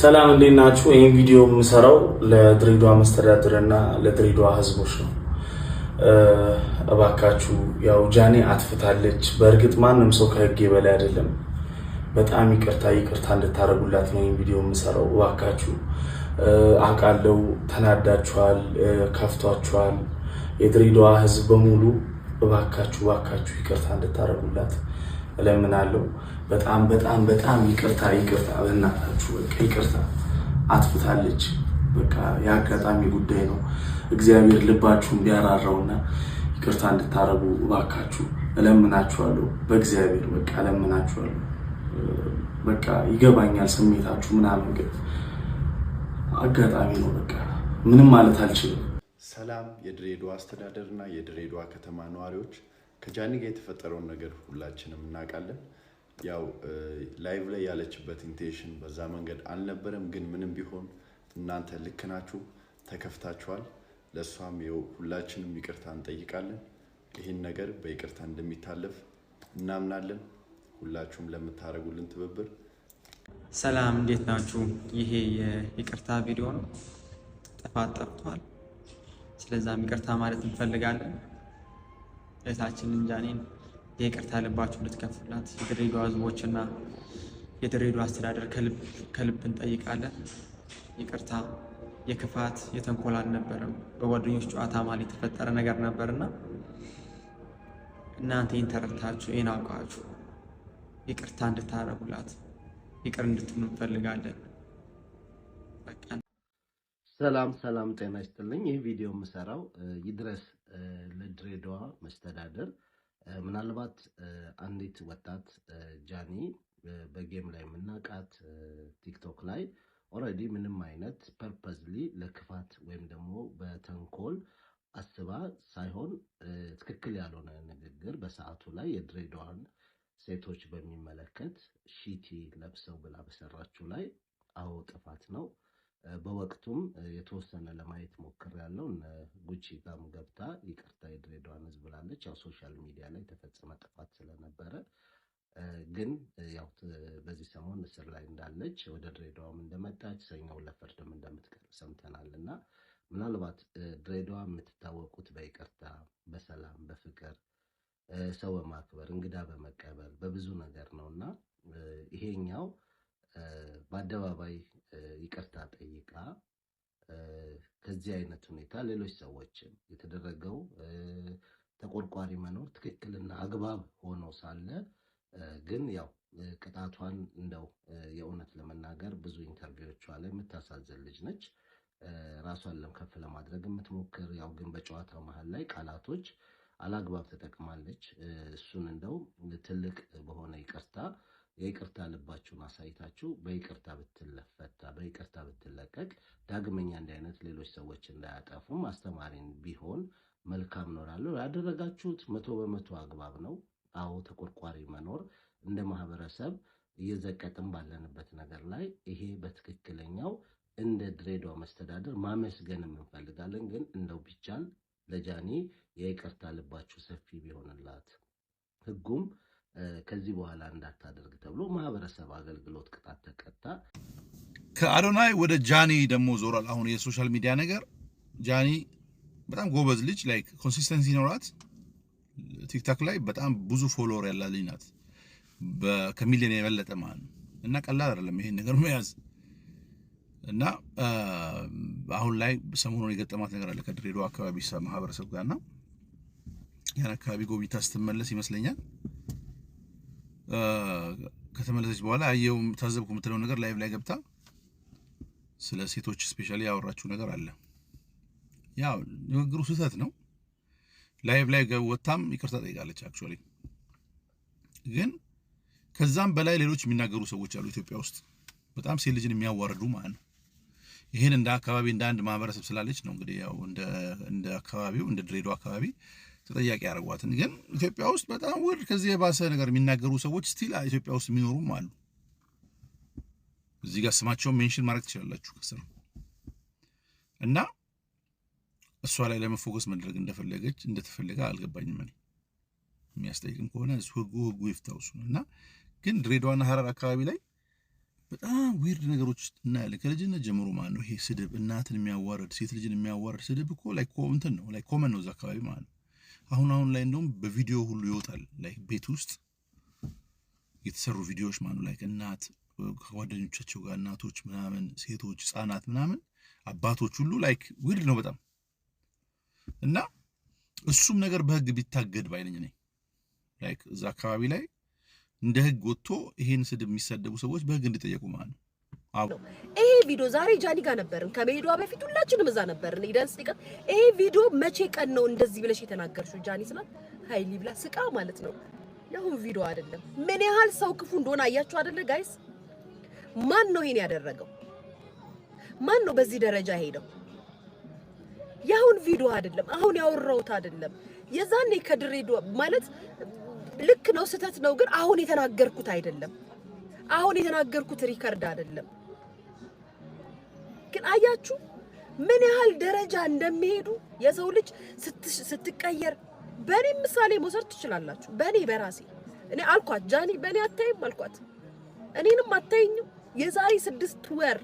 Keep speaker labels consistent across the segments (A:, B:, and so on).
A: ሰላም እንዴት ናችሁ? ይህን ቪዲዮ የምሰራው ለድሬዳዋ መስተዳድርና ለድሬዳዋ ህዝቦች ነው። እባካችሁ ያው ጃኔ አጥፍታለች። በእርግጥ ማንም ሰው ከህግ በላይ አይደለም። በጣም ይቅርታ ይቅርታ እንድታደርጉላት ነው ይህን ቪዲዮ የምሰራው። እባካችሁ አውቃለሁ፣ ተናዳችኋል፣ ከፍቷችኋል። የድሬዳዋ ህዝብ በሙሉ እባካችሁ እባካችሁ ይቅርታ እንድታደርጉላት እለምናለሁ። በጣም በጣም በጣም ይቅርታ ይቅርታ፣ በእናታችሁ በቃ ይቅርታ። አጥፍታለች፣ በቃ የአጋጣሚ ጉዳይ ነው። እግዚአብሔር ልባችሁ እንዲያራራውና ይቅርታ እንድታረጉ እባካችሁ እለምናችኋለሁ። በእግዚአብሔር በቃ እለምናችኋለሁ። በቃ ይገባኛል ስሜታችሁ ምናምን፣ ግን አጋጣሚ ነው። በቃ ምንም ማለት አልችልም።
B: ሰላም የድሬዳዋ አስተዳደርና እና የድሬዳዋ ከተማ ነዋሪዎች ከጃኒ ጋር የተፈጠረውን ነገር ሁላችንም እናውቃለን። ያው ላይቭ ላይ ያለችበት ኢንቴንሽን በዛ መንገድ አልነበረም። ግን ምንም ቢሆን እናንተ ልክ ናችሁ፣ ተከፍታችኋል። ለእሷም ይኸው ሁላችንም ይቅርታ እንጠይቃለን። ይህን ነገር በይቅርታ እንደሚታለፍ እናምናለን። ሁላችሁም ለምታደርጉልን ትብብር።
C: ሰላም፣ እንዴት ናችሁ? ይሄ የይቅርታ ቪዲዮ ነው። ጥፋት ጠፍቷል። ስለዛም ይቅርታ ማለት እንፈልጋለን። እህታችን እንጃኔን የይቅርታ ልባችሁ እንድትከፍላት የድሬዳዋ ህዝቦችና የድሬዳዋ አስተዳደር ከልብ እንጠይቃለን። ይቅርታ የክፋት የተንኮል አልነበረም። በጓደኞች ጨዋታ ማል የተፈጠረ ነገር ነበርና እናንተ ይህን ተረድታችሁ ይህን አውቃችሁ ይቅርታ እንድታረጉላት ይቅር እንድትሉ እንፈልጋለን።
D: ሰላም ሰላም፣ ጤና ይስጥልኝ። ይህ ቪዲዮ የምሰራው ይድረስ ለድሬዳዋ መስተዳደር ምናልባት አንዲት ወጣት ጃኒ በጌም ላይ የምናውቃት ቲክቶክ ላይ ኦልሬዲ ምንም አይነት ፐርፐዝሊ ለክፋት ወይም ደግሞ በተንኮል አስባ ሳይሆን ትክክል ያልሆነ ንግግር በሰዓቱ ላይ የድሬዳዋን ሴቶች በሚመለከት ሺቲ ለብሰው ብላ በሰራችው ላይ አዎ ጥፋት ነው። በወቅቱም የተወሰነ ለማየት ሞክሬያለሁ። እነ ጉቺ ጋም ገብታ ይቅርታ የድሬዳዋን ሕዝብ ብላለች። ያው ሶሻል ሚዲያ ላይ የተፈጸመ ጥፋት ስለነበረ ግን ያው በዚህ ሰሞን እስር ላይ እንዳለች ወደ ድሬዳዋም እንደመጣች ሰኞው ለፍርድም እንደምትቀርብ ሰምተናል እና ምናልባት ድሬዳዋ የምትታወቁት በይቅርታ፣ በሰላም፣ በፍቅር ሰው በማክበር እንግዳ በመቀበል በብዙ ነገር ነው እና ይሄኛው በአደባባይ ይቅርታ ጠይቃ ከዚህ አይነት ሁኔታ ሌሎች ሰዎችም የተደረገው ተቆርቋሪ መኖር ትክክልና አግባብ ሆኖ ሳለ ግን ያው ቅጣቷን እንደው የእውነት ለመናገር ብዙ ኢንተርቪዎቿ ላይ የምታሳዝን ልጅ ነች። ራሷን ለከፍ ለማድረግ የምትሞክር ያው ግን በጨዋታ መሀል ላይ ቃላቶች አላግባብ ተጠቅማለች። እሱን እንደው ትልቅ በሆነ ይቅርታ የይቅርታ ልባችሁን አሳይታችሁ በይቅርታ ብትለፈታ በይቅርታ ብትለቀቅ ዳግመኛ እንዲህ አይነት ሌሎች ሰዎች እንዳያጠፉም አስተማሪን ቢሆን መልካም ኖራለሁ። ያደረጋችሁት መቶ በመቶ አግባብ ነው። አዎ ተቆርቋሪ መኖር እንደ ማህበረሰብ እየዘቀጥን ባለንበት ነገር ላይ ይሄ በትክክለኛው እንደ ድሬዳዋ መስተዳደር ማመስገንም እንፈልጋለን። ግን እንደው ቢቻል ለጃኒ የይቅርታ ልባችሁ ሰፊ ቢሆንላት ህጉም ከዚህ በኋላ እንዳታደርግ ተብሎ ማህበረሰብ አገልግሎት ቅጣት ተቀጣ።
E: ከአዶናይ ወደ ጃኒ ደግሞ ዞሯል። አሁን የሶሻል ሚዲያ ነገር ጃኒ በጣም ጎበዝ ልጅ ላይ ኮንሲስተንሲ ኖራት፣ ቲክታክ ላይ በጣም ብዙ ፎሎወር ያላት ልጅ ናት፣ ከሚሊዮን የበለጠ ማለት ነው። እና ቀላል አይደለም ይሄን ነገር መያዝ እና አሁን ላይ ሰሞኑን የገጠማት ነገር አለ ከድሬዳዋ አካባቢ ማህበረሰብ ጋርና ያን አካባቢ ጎብኝታ ስትመለስ ይመስለኛል ከተመለሰች በኋላ አየው ታዘብኩ የምትለው ነገር ላይቭ ላይ ገብታ ስለ ሴቶች ስፔሻሊ ያወራችው ነገር አለ። ያው ንግግሩ ስህተት ነው። ላይቭ ላይ ወታም ይቅርታ ጠይቃለች። አክቹዋሊ ግን ከዛም በላይ ሌሎች የሚናገሩ ሰዎች አሉ ኢትዮጵያ ውስጥ በጣም ሴት ልጅን የሚያዋርዱ ማለት ነው። ይህን እንደ አካባቢ እንደ አንድ ማህበረሰብ ስላለች ነው እንግዲህ ያው እንደ አካባቢው እንደ ድሬዳዋ አካባቢ ተጠያቂ ያደርጓትን። ግን ኢትዮጵያ ውስጥ በጣም ውድ ከዚህ የባሰ ነገር የሚናገሩ ሰዎች ስቲል ኢትዮጵያ ውስጥ የሚኖሩም አሉ። እዚህ ጋር ስማቸውን ሜንሽን ማድረግ ትችላላችሁ ከስር እና እሷ ላይ ለመፎከስ መድረግ እንደፈለገች እንደተፈለገ አልገባኝም። የሚያስጠይቅም ከሆነ ህጉ ህጉ ይፍታውሱ እና ግን ድሬዳዋና ሀረር አካባቢ ላይ በጣም ዊርድ ነገሮች እናያለን። ከልጅነት ጀምሮ ማለት ነው ይሄ ስድብ፣ እናትን የሚያዋርድ ሴት ልጅን የሚያዋርድ ስድብ እኮ ላይ እንትን ነው ላይ ኮመን ነው እዛ አካባቢ ማለት ነው። አሁን አሁን ላይ እንደውም በቪዲዮ ሁሉ ይወጣል። ላይክ ቤት ውስጥ የተሰሩ ቪዲዮዎች ማኑ ላይክ እናት ከጓደኞቻቸው ጋር እናቶች ምናምን፣ ሴቶች፣ ህጻናት ምናምን፣ አባቶች ሁሉ ላይክ ዊርድ ነው በጣም እና እሱም ነገር በህግ ቢታገድ ባይነኝ ነኝ ላይክ እዛ አካባቢ ላይ እንደ ህግ ወጥቶ ይሄን ስድብ የሚሰደቡ ሰዎች በህግ እንዲጠየቁ ማለት ነው። ይሄ
F: ቪዲዮ ዛሬ ጃኒ ጋር ነበርን። ከመሄዷ በፊት ሁላችንም እዛ ነበርን። ኢደንስ ይቀር ይሄ ቪዲዮ መቼ ቀን ነው እንደዚህ ብለሽ የተናገርሽው ጃኒ ስላት ሀይሊ ብላ ስቃ ማለት ነው። ያሁን ቪዲዮ አይደለም። ምን ያህል ሰው ክፉ እንደሆነ አያችሁ አይደለ ጋይስ? ማን ነው ይሄን ያደረገው? ማን ነው በዚህ ደረጃ ሄደው? ያሁን ቪዲዮ አይደለም። አሁን ያወራሁት አይደለም። የዛኔ ከድሬዳዋ ማለት ልክ ነው፣ ስህተት ነው። ግን አሁን የተናገርኩት አይደለም። አሁን የተናገርኩት ሪከርድ አይደለም። ግን አያችሁ ምን ያህል ደረጃ እንደሚሄዱ የሰው ልጅ ስትቀየር። በእኔ ምሳሌ መውሰድ ትችላላችሁ። በእኔ በራሴ እኔ አልኳት ጃኒ፣ በእኔ አታይም አልኳት፣ እኔንም አታይኝም። የዛሬ ስድስት ወር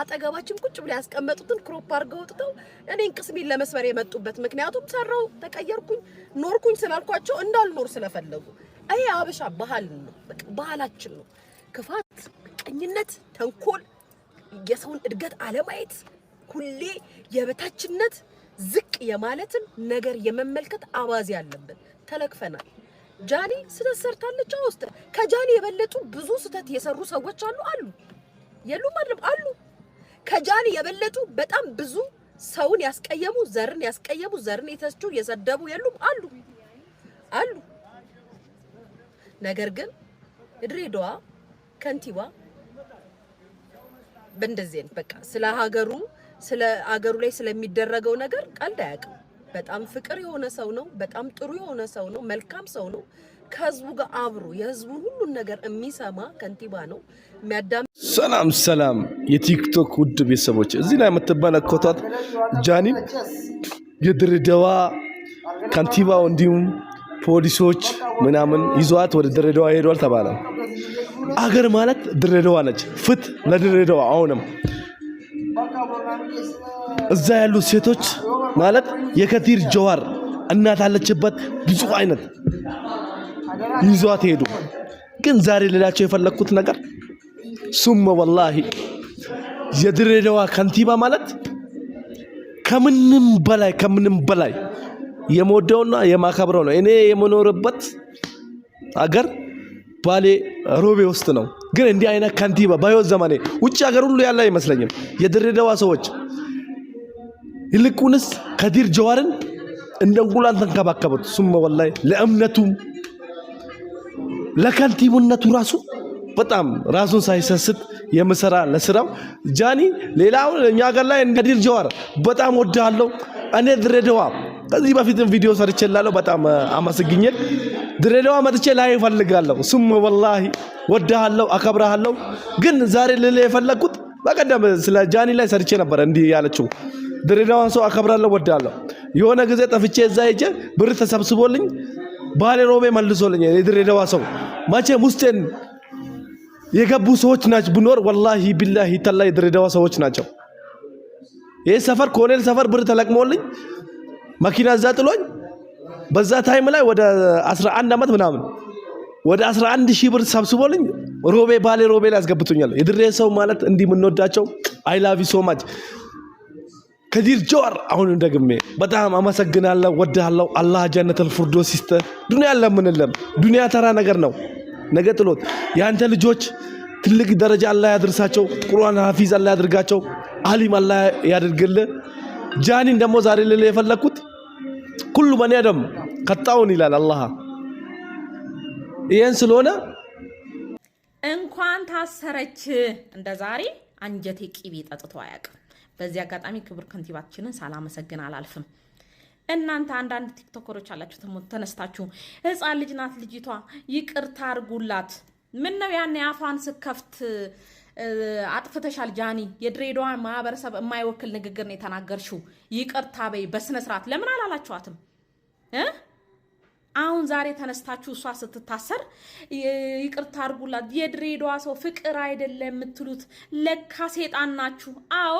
F: አጠገባችን ቁጭ ብላ ያስቀመጡትን ክሮፕ አድርገው ወጥተው እኔን ቅስሜን ለመስበር የመጡበት ምክንያቱም ሰራው፣ ተቀየርኩኝ፣ ኖርኩኝ ስላልኳቸው እንዳልኖር ስለፈለጉ። ይሄ አበሻ ባህል ነው፣ ባህላችን ነው። ክፋት፣ ቀኝነት፣ ተንኮል የሰውን እድገት አለማየት ሁሌ የበታችነት ዝቅ የማለትን ነገር የመመልከት አባዜ አለብን። ተለክፈናል። ጃኒ ስህተት ሰርታለች። ውስጥ ከጃኒ የበለጡ ብዙ ስህተት የሰሩ ሰዎች አሉ አሉ የሉም አይደለም አሉ። ከጃኒ የበለጡ በጣም ብዙ ሰውን ያስቀየሙ፣ ዘርን ያስቀየሙ፣ ዘርን የተቹ የሰደቡ የሉም አሉ አሉ። ነገር ግን ድሬዳዋ ከንቲባ በእንደዚህ አይነት በቃ ስለ ሀገሩ ስለ ሀገሩ ላይ ስለሚደረገው ነገር ቀልድ አያውቅም። በጣም ፍቅር የሆነ ሰው ነው። በጣም ጥሩ የሆነ ሰው ነው። መልካም ሰው ነው። ከህዝቡ ጋር አብሮ የህዝቡ ሁሉን ነገር የሚሰማ ከንቲባ ነው። የሚያዳም
G: ሰላም ሰላም፣ የቲክቶክ ውድ ቤተሰቦች እዚህ ላይ የምትመለከቷት ጃኒን የድሬዳዋ ከንቲባው እንዲሁም ፖሊሶች ምናምን ይዟት ወደ ድሬዳዋ ሄዷል ተባለ። አገር ማለት ድሬዳዋ ነች። ፍት ለድሬዳዋ። አሁንም እዛ ያሉ ሴቶች ማለት የከቲር ጀዋር እናት አለችበት ብዙ አይነት ይዟት ሄዱ። ግን ዛሬ ሌላቸው የፈለግኩት ነገር ሱመ ወላሂ የድሬዳዋ ከንቲባ ማለት ከምንም በላይ ከምንም በላይ የምወደውና የማከብረው ነው። እኔ የምኖርበት አገር ባሌ ሮቤ ውስጥ ነው። ግን እንዲህ አይነት ከንቲባ በህይወት ዘመኔ ውጭ ሀገር ሁሉ ያለ አይመስለኝም። የድሬዳዋ ሰዎች ይልቁንስ ከዲር ጀዋርን እንደ እንቁላል ተንከባከቡት። ሱመ ወላሂ ለእምነቱም ለከንቲቡነቱ ራሱ በጣም ራሱን ሳይሰስት የምሰራ ለስራው ጃኒ ሌላውን እኛ ሀገር ላይ ከዲር ጀዋር በጣም ወዳለው እኔ ድሬዳዋ ከዚህ በፊትም ቪዲዮ ሰርቼላለሁ። በጣም አመስግኘት ድሬዳዋ መጥቼ ላይ ይፈልጋለሁ። ሱም ወላሂ ወድሃለሁ፣ አከብረሃለሁ። ግን ዛሬ ልል የፈለግኩት በቀደም ስለ ጃኒ ላይ ሰርቼ ነበረ። እንዲህ ያለችው ድሬዳዋን ሰው አከብራለሁ፣ ወድሃለሁ። የሆነ ጊዜ ጠፍቼ እዛ ሄጄ ብር ተሰብስቦልኝ ባሌ ሮቤ መልሶልኝ የድሬዳዋ ሰው መቼም ውስጤን የገቡ ሰዎች ናቸው። ብኖር ወላሂ ቢላሂ ተላ የድሬዳዋ ሰዎች ናቸው። ይህ ሰፈር ኮኔል ሰፈር ብር ተለቅሞልኝ መኪና እዛ ጥሎኝ በዛ ታይም ላይ ወደ 11 ዓመት ምናምን ወደ 11 ሺህ ብር ሰብስቦልኝ ሮቤ ባሌ ሮቤ ላይ ያስገብቶኛል። የድሬ ሰው ማለት እንዲህ የምንወዳቸው አይ ላቭ ሶ ማች ከዲር ጆር አሁን ደግሜ በጣም አመሰግናለሁ፣ ወድሃለሁ። አላህ ጀነት ፊርዶስ ይስጥህ። ዱንያ ለምንለም ዱንያ ተራ ነገር ነው። ነገ ጥሎት ያንተ ልጆች ትልቅ ደረጃ አላህ ያድርሳቸው። ቁርአን ሀፊዝ አላህ ያድርጋቸው። አሊም አላህ ያድርግልህ። ጃኒን ደግሞ ዛሬ ልልህ የፈለግኩት ኩሉ በኒ አደም ከጣውን ይላል አላህ። ይህን ስለሆነ
H: እንኳን ታሰረች እንደ ዛሬ አንጀቴ ቂቤ ጠጥቶ አያውቅም። በዚህ አጋጣሚ ክቡር ከንቲባችንን ሳላመሰግን አላልፍም። እናንተ አንዳንድ ቲክቶከሮች አላችሁ ተነስታችሁ ህፃን ልጅ ናት ልጅቷ ይቅርታ አድርጉላት። ምን ነው ያን የአፏን ስከፍት አጥፍተሻል ጃኒ፣ የድሬዳዋ ማህበረሰብ የማይወክል ንግግር ነው የተናገርሽው። ይቅርታ በይ በስነስርዓት። ለምን አላላችኋትም? አሁን ዛሬ ተነስታችሁ እሷ ስትታሰር ይቅርታ አድርጉላት የድሬዳዋ ሰው ፍቅር አይደለም የምትሉት ለካ ሴጣን ናችሁ። አዎ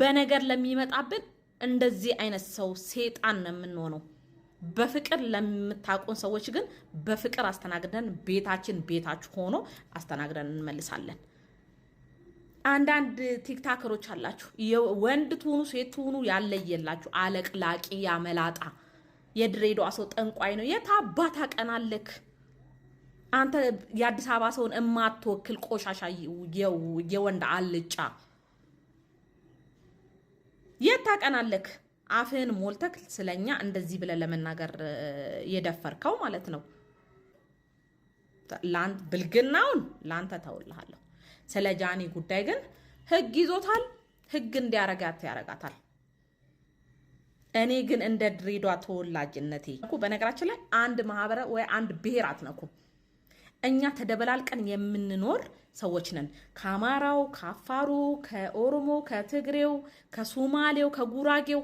H: በነገር ለሚመጣብን እንደዚህ አይነት ሰው ሴጣን ነው የምንሆነው። በፍቅር ለምታቁን ሰዎች ግን በፍቅር አስተናግደን ቤታችን ቤታችሁ ሆኖ አስተናግደን እንመልሳለን። አንዳንድ ቲክታከሮች አላችሁ፣ ወንድ ትሁኑ ሴት ትሁኑ ያለየላችሁ አለቅላቂ ያመላጣ የድሬዳዋ ሰው ጠንቋይ ነው። የት አባት አቀናለክ አንተ የአዲስ አበባ ሰውን እማትወክል ቆሻሻ የወንድ አልጫ የት ታቀናለክ? አፍህን ሞልተክ ስለኛ እንደዚህ ብለህ ለመናገር የደፈርከው ማለት ነው። ብልግናውን ለአንተ ተውልሃለሁ። ስለ ጃኒ ጉዳይ ግን ህግ ይዞታል። ህግ እንዲያረጋት ያረጋታል። እኔ ግን እንደ ድሬዷ ተወላጅነቴ በነገራችን ላይ አንድ ማህበረ ወይ አንድ ብሔር አትነኩም። እኛ ተደበላልቀን የምንኖር ሰዎች ነን። ከአማራው፣ ከአፋሩ፣ ከኦሮሞ፣ ከትግሬው፣ ከሱማሌው፣ ከጉራጌው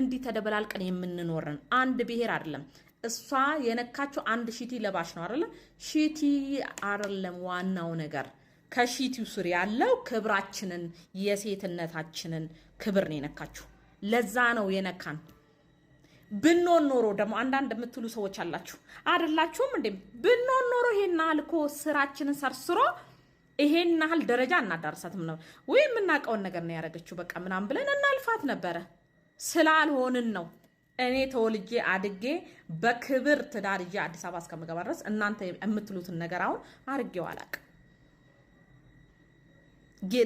H: እንዲህ ተደበላልቀን የምንኖርን አንድ ብሔር አይደለም። እሷ የነካቸው አንድ ሺቲ ለባሽ ነው አይደለ? ሺቲ አይደለም ዋናው ነገር ከሺቲው ስር ያለው ክብራችንን የሴትነታችንን ክብር ነው የነካችው። ለዛ ነው የነካን። ብንሆን ኖሮ ደግሞ አንዳንድ የምትሉ ሰዎች አላችሁ አደላችሁም እንዴ ብንሆን ኖሮ ይሄን ያህል እኮ ስራችንን ሰርስሮ ይሄን ያህል ደረጃ እናዳርሳትም ነው ወይ የምናውቀውን ነገር ነው ያደረገችው፣ በቃ ምናምን ብለን እናልፋት ነበረ። ስላልሆንን ነው እኔ ተወልጄ አድጌ በክብር ትዳር አዲስ አበባ እስከምገባ ድረስ እናንተ የምትሉትን ነገር አሁን አድርጌው አላውቅም።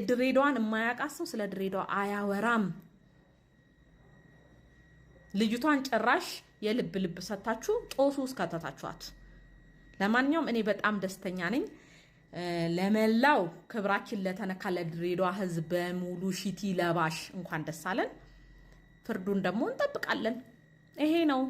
H: ድሬዳዋን የማያውቃት ሰው ስለ ድሬዳዋ አያወራም። ልጅቷን ጭራሽ የልብ ልብ ሰታችሁ ጦሱ ውስጥ ከተታችኋት። ለማንኛውም እኔ በጣም ደስተኛ ነኝ። ለመላው ክብራችን ለተነካ ለድሬዳዋ ሕዝብ በሙሉ ሺቲ ለባሽ እንኳን ደስ አለን። ፍርዱን ደግሞ እንጠብቃለን። ይሄ ነው።